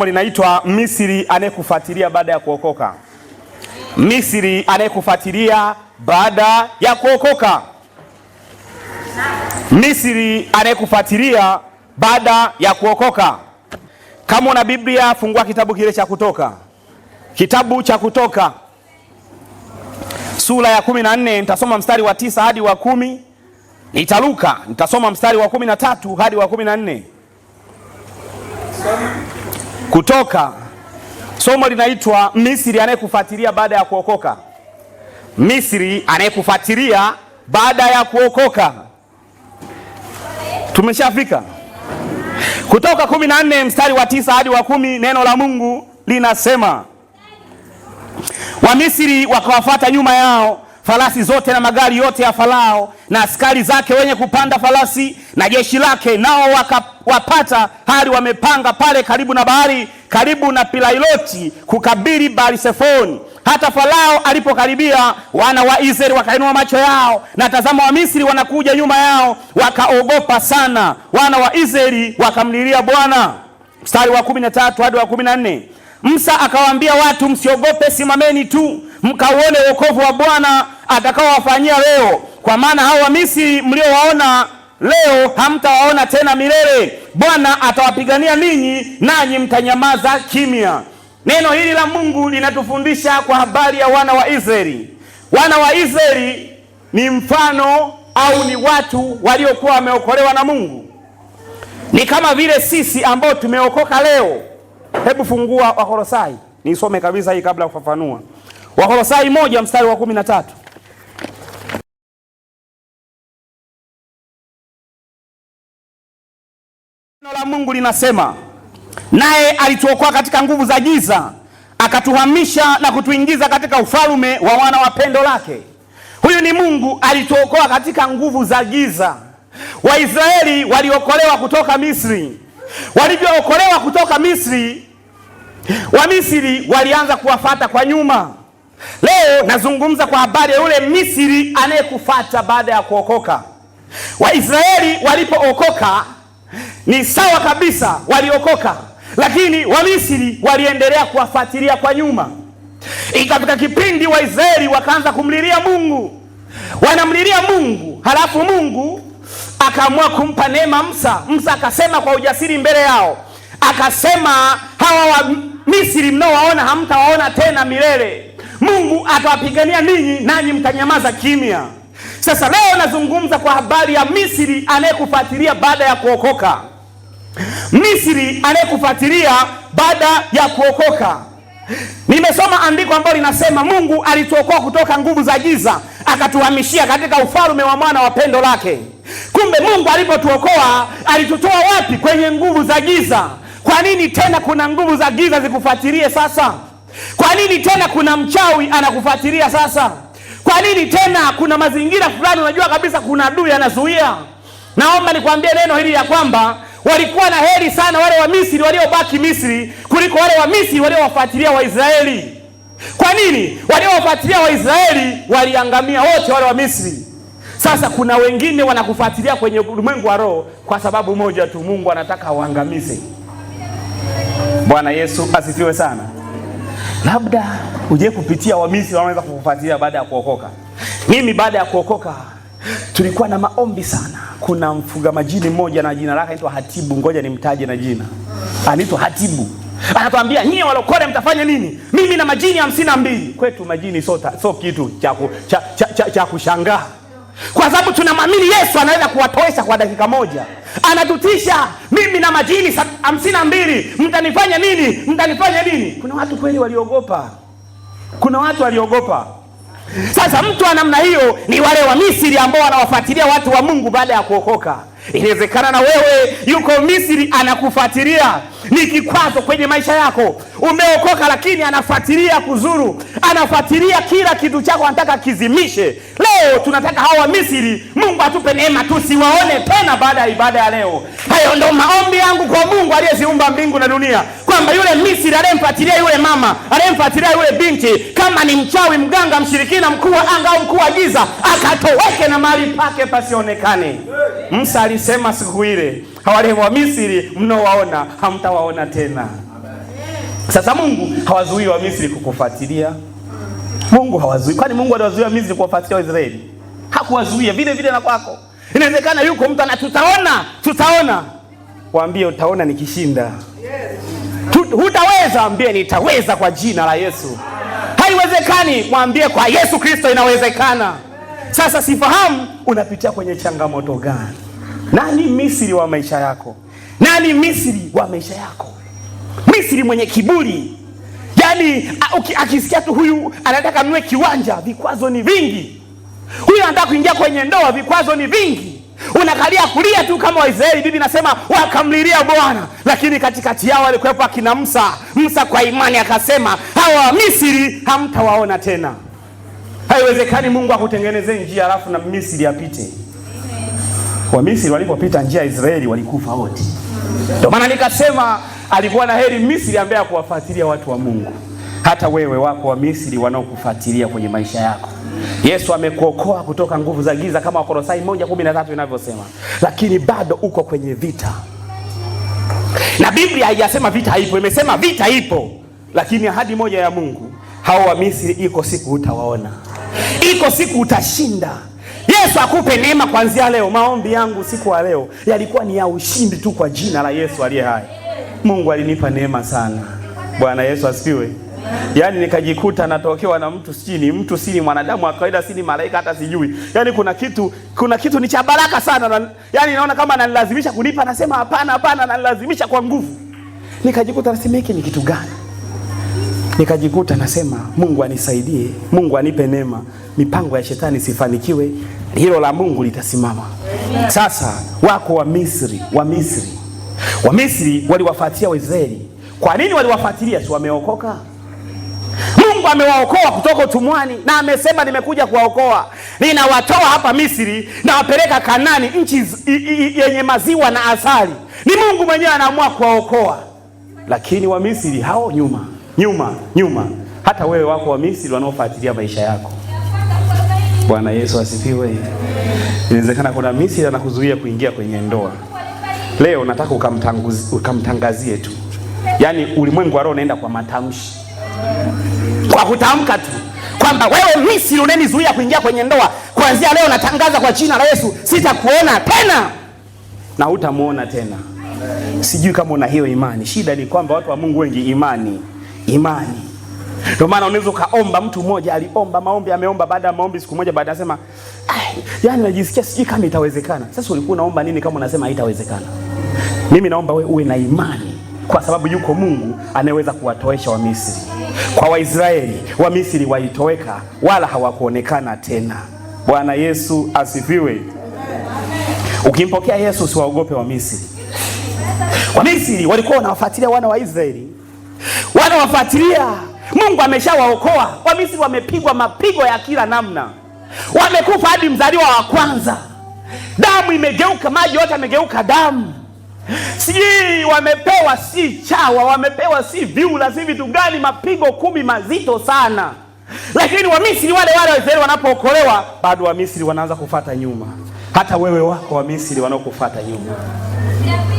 somo linaitwa Misri anayekufuatilia baada ya kuokoka. Misri anayekufuatilia baada ya kuokoka. Misri anayekufuatilia baada ya kuokoka. Kama una Biblia, fungua kitabu kile cha Kutoka, kitabu cha Kutoka sura ya kumi na nne nitasoma mstari wa tisa hadi wa kumi. Nitaruka, nitasoma mstari wa kumi na tatu hadi wa kumi na nne. Kutoka somo linaitwa Misri anayekufuatilia baada ya kuokoka. Misri anayekufuatilia baada ya kuokoka. Tumeshafika Kutoka 14 mstari wa tisa hadi wa kumi. Neno la Mungu linasema Wamisri wakawafuata nyuma yao farasi zote na magari yote ya Farao na askari zake wenye kupanda farasi na jeshi lake, nao wakawapata hali wamepanga pale karibu na bahari, karibu na Pilailoti kukabili Baalisefoni. Hata Farao alipokaribia, wana wa Israeli wakainua macho yao, na tazama, Wamisri wanakuja nyuma yao, wakaogopa sana. Wana wa Israeli wakamlilia Bwana. Mstari wa kumi na tatu hadi wa kumi na nne. Musa akawaambia watu, msiogope, simameni tu mkauone wokovu wa Bwana atakaowafanyia leo, kwa maana hao Wamisri mliowaona leo hamtawaona tena milele. Bwana atawapigania ninyi, nanyi mtanyamaza kimya. Neno hili la Mungu linatufundisha kwa habari ya wana wa Israeli. Wana wa Israeli ni mfano au ni watu waliokuwa wameokolewa na Mungu, ni kama vile sisi ambao tumeokoka leo. Hebu fungua Wakolosai nisome kabisa hii kabla ya kufafanua. Wakolosai moja mstari wa kumi na tatu. Mungu linasema, naye alituokoa katika nguvu za giza akatuhamisha na kutuingiza katika ufalme wa wana wa pendo lake. Huyu ni Mungu alituokoa katika nguvu za giza. Waisraeli waliokolewa kutoka Misri. Walivyookolewa kutoka Misri, Wamisri walianza kuwafata kwa nyuma. Leo nazungumza kwa habari ya yule Misri anayekufata baada ya kuokoka. Waisraeli walipookoka ni sawa kabisa, waliokoka, lakini Wamisri waliendelea kuwafuatilia kwa nyuma. Ikafika kipindi Waisraeli wakaanza kumlilia Mungu, wanamlilia Mungu, halafu Mungu akaamua kumpa neema Musa. Musa akasema kwa ujasiri mbele yao, akasema hawa wamisiri mnaowaona hamtawaona tena milele. Mungu atawapigania ninyi, nanyi mtanyamaza kimya. Sasa leo nazungumza kwa habari ya Misri anayekufuatilia baada ya kuokoka. Misri anayekufuatilia baada ya kuokoka. Nimesoma andiko ambalo linasema Mungu alituokoa kutoka nguvu za giza akatuhamishia katika ufalme wa mwana wa pendo lake. Kumbe Mungu alipotuokoa alitutoa wapi? Kwenye nguvu za giza. Kwa nini tena kuna nguvu za giza zikufuatilie sasa? Kwa nini tena kuna mchawi anakufuatilia sasa? Kwa nini tena? Kuna mazingira fulani unajua kabisa kuna adui anazuia. Naomba nikwambie neno hili ya kwamba walikuwa na heri sana wale wa Misri waliobaki Misri kuliko wale wa Misri waliowafuatilia Waisraeli. Kwa nini? Waliowafuatilia Waisraeli waliangamia wote wale wa Misri. Sasa kuna wengine wanakufuatilia kwenye ulimwengu wa roho kwa sababu moja tu, Mungu anataka waangamize. Bwana Yesu asifiwe sana. Labda uje kupitia Wamisri wanaweza kukufuatilia baada ya kuokoka. Mimi baada ya kuokoka tulikuwa na maombi sana. Kuna mfuga majini mmoja na jina lake anaitwa Hatibu, ngoja nimtaje na jina, anaitwa Hatibu. Anatuambia nyie walokole mtafanya nini? Mimi na majini hamsini na mbili. Kwetu majini so, so kitu cha, cha, cha, cha kushangaa kwa sababu tunamwamini Yesu anaweza kuwatoesha kwa dakika moja. Anatutisha, mimi na majini hamsini na mbili, mtanifanya nini? Mtanifanya nini? Kuna watu kweli waliogopa, kuna watu waliogopa. Sasa mtu wa namna hiyo ni wale wa Misri ambao wanawafuatilia watu wa Mungu baada ya kuokoka. Inawezekana na wewe yuko Misri anakufuatilia, ni kikwazo kwenye maisha yako. Umeokoka lakini anafuatilia kuzuru, anafuatilia kila kitu chako, anataka kizimishe. Leo tunataka hawa Misri, Mungu atupe neema tusiwaone tena baada ya ibada ya leo. Hayo ndo maombi yangu kwa Mungu aliyeziumba mbingu na dunia, kwamba yule Misri anayemfuatilia yule mama, anayemfuatilia yule binti, kama ni mchawi, mganga, mshirikina, mkuu wa anga au mkuu wa giza, akatoweke na mali pake pasionekane Msa alisema siku ile, wale wa Misri mnowaona hamtawaona tena. Sasa Mungu hawazuii wa Misri kukufuatilia. Mungu hawazuii. Kwani Mungu aliwazuia wa Misri kuwafuatilia Waisraeli? Hakuwazuia vile vile na kwako. Inawezekana yuko mtu ana tutaona, tutaona. Waambie utaona nikishinda. Yes. Hutaweza, ambie nitaweza kwa jina la Yesu. Haiwezekani, mwambie kwa Yesu Kristo inawezekana. Sasa sifahamu unapitia kwenye changamoto gani? Nani Misri wa maisha yako? Nani Misri wa maisha yako? Misri mwenye kiburi, yaani akisikia tu huyu anataka mnue kiwanja, vikwazo ni vingi. Huyu anataka kuingia kwenye ndoa, vikwazo ni vingi. Unakalia kulia tu kama Waisraeli. Bibi nasema wakamlilia Bwana, lakini katikati yao alikuwepo akina Musa. Musa kwa imani akasema hawa Misri hamtawaona tena. Haiwezekani Mungu akutengenezee njia alafu na Misri apite. Wamisri walipopita njia ya Israeli walikufa wote. Ndio maana nikasema alikuwa na heri Misri ambaye akuwafuatilia watu wa Mungu. Hata wewe wako wa Misri wanaokufuatilia kwenye maisha yako. Yesu amekuokoa kutoka nguvu za giza kama Wakolosai moja kumi na tatu inavyosema, lakini bado uko kwenye vita, na Biblia haijasema vita haipo, imesema vita ipo, lakini ahadi moja ya Mungu, hao wa Misri iko siku utawaona, iko siku utashinda. Yesu akupe neema kuanzia leo. Maombi yangu usiku wa leo yalikuwa ni ya ushindi tu kwa jina la Yesu aliye hai. Mungu alinipa neema sana. Bwana Yesu asifiwe. Yaani nikajikuta natokewa na mtu si ni mtu si ni mwanadamu wa kawaida si ni malaika hata sijui. Yaani kuna kitu kuna kitu ni cha baraka sana na, yaani naona kama ananilazimisha kunipa, nasema hapana hapana, ananilazimisha kwa nguvu. Nikajikuta nasema ni kitu gani? Nikajikuta nasema Mungu anisaidie, Mungu anipe neema, mipango ya shetani sifanikiwe, hilo la Mungu litasimama. Sasa wako wa Misri, wa Misri, wa Misri waliwafuatia Waisraeli. Kwa nini waliwafuatilia? Si wameokoka? Mungu amewaokoa kutoka utumwani, na amesema nimekuja kuwaokoa, ninawatoa hapa Misri nawapeleka Kanani, nchi yenye maziwa na asali. Ni Mungu mwenyewe anaamua kuwaokoa, lakini Misri hao nyuma nyuma nyuma, hata wewe wako wa Misri wanaofuatilia maisha yako. Bwana Yesu asifiwe. Inawezekana kuna Misri anakuzuia kuingia kwenye ndoa. Leo nataka ukamtangazie tu, yaani ulimwengu wa roho unaenda kwa matamshi, kwa kutamka tu kwamba wewe Misri unanizuia kuingia kwenye ndoa, kuanzia leo natangaza kwa jina la Yesu, sitakuona tena na hutamuona tena. Sijui kama una hiyo imani. Shida ni kwamba watu wa Mungu wengi imani imani. Ndio maana unaweza ukaomba. Mtu mmoja aliomba maombi, ameomba baada ya maombi, siku moja baada asema, yani najisikia sijui kama itawezekana. Sasa ulikuwa unaomba nini kama unasema haitawezekana? Mimi naomba we uwe na imani, kwa sababu yuko Mungu anayeweza kuwatoesha Wamisri. Kwa Waisraeli, Wamisri walitoweka wala hawakuonekana tena. Bwana Yesu asifiwe. Ukimpokea Yesu usiwaogope Wamisri. Wamisri walikuwa wanawafuatilia wana wa Israeli wanawafuatilia. Mungu ameshawaokoa. Wamisri wamepigwa mapigo ya kila namna, wamekufa hadi mzaliwa wa kwanza. Damu imegeuka maji, yote amegeuka damu. Sijui wamepewa si chawa, wamepewa si vyura, si vitu gani, mapigo kumi mazito sana. Lakini Wamisri wale wale Waisraeli wanapookolewa, bado Wamisri wanaanza kufata nyuma. Hata wewe wako Wamisri wanaokufata nyuma.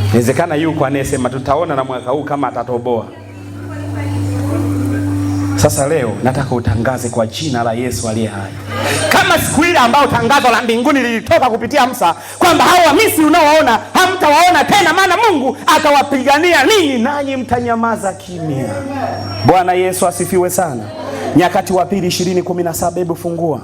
Inawezekana yuko anayesema tutaona na mwaka huu kama atatoboa. Sasa leo nataka utangaze kwa jina la Yesu aliye hai, kama siku ile ambayo tangazo la mbinguni lilitoka kupitia Musa kwamba hao Wamisri unaowaona hamtawaona tena, maana Mungu atawapigania ninyi, nanyi mtanyamaza kimya. Bwana Yesu asifiwe sana. Nyakati wa pili 20:17 hebu fungua.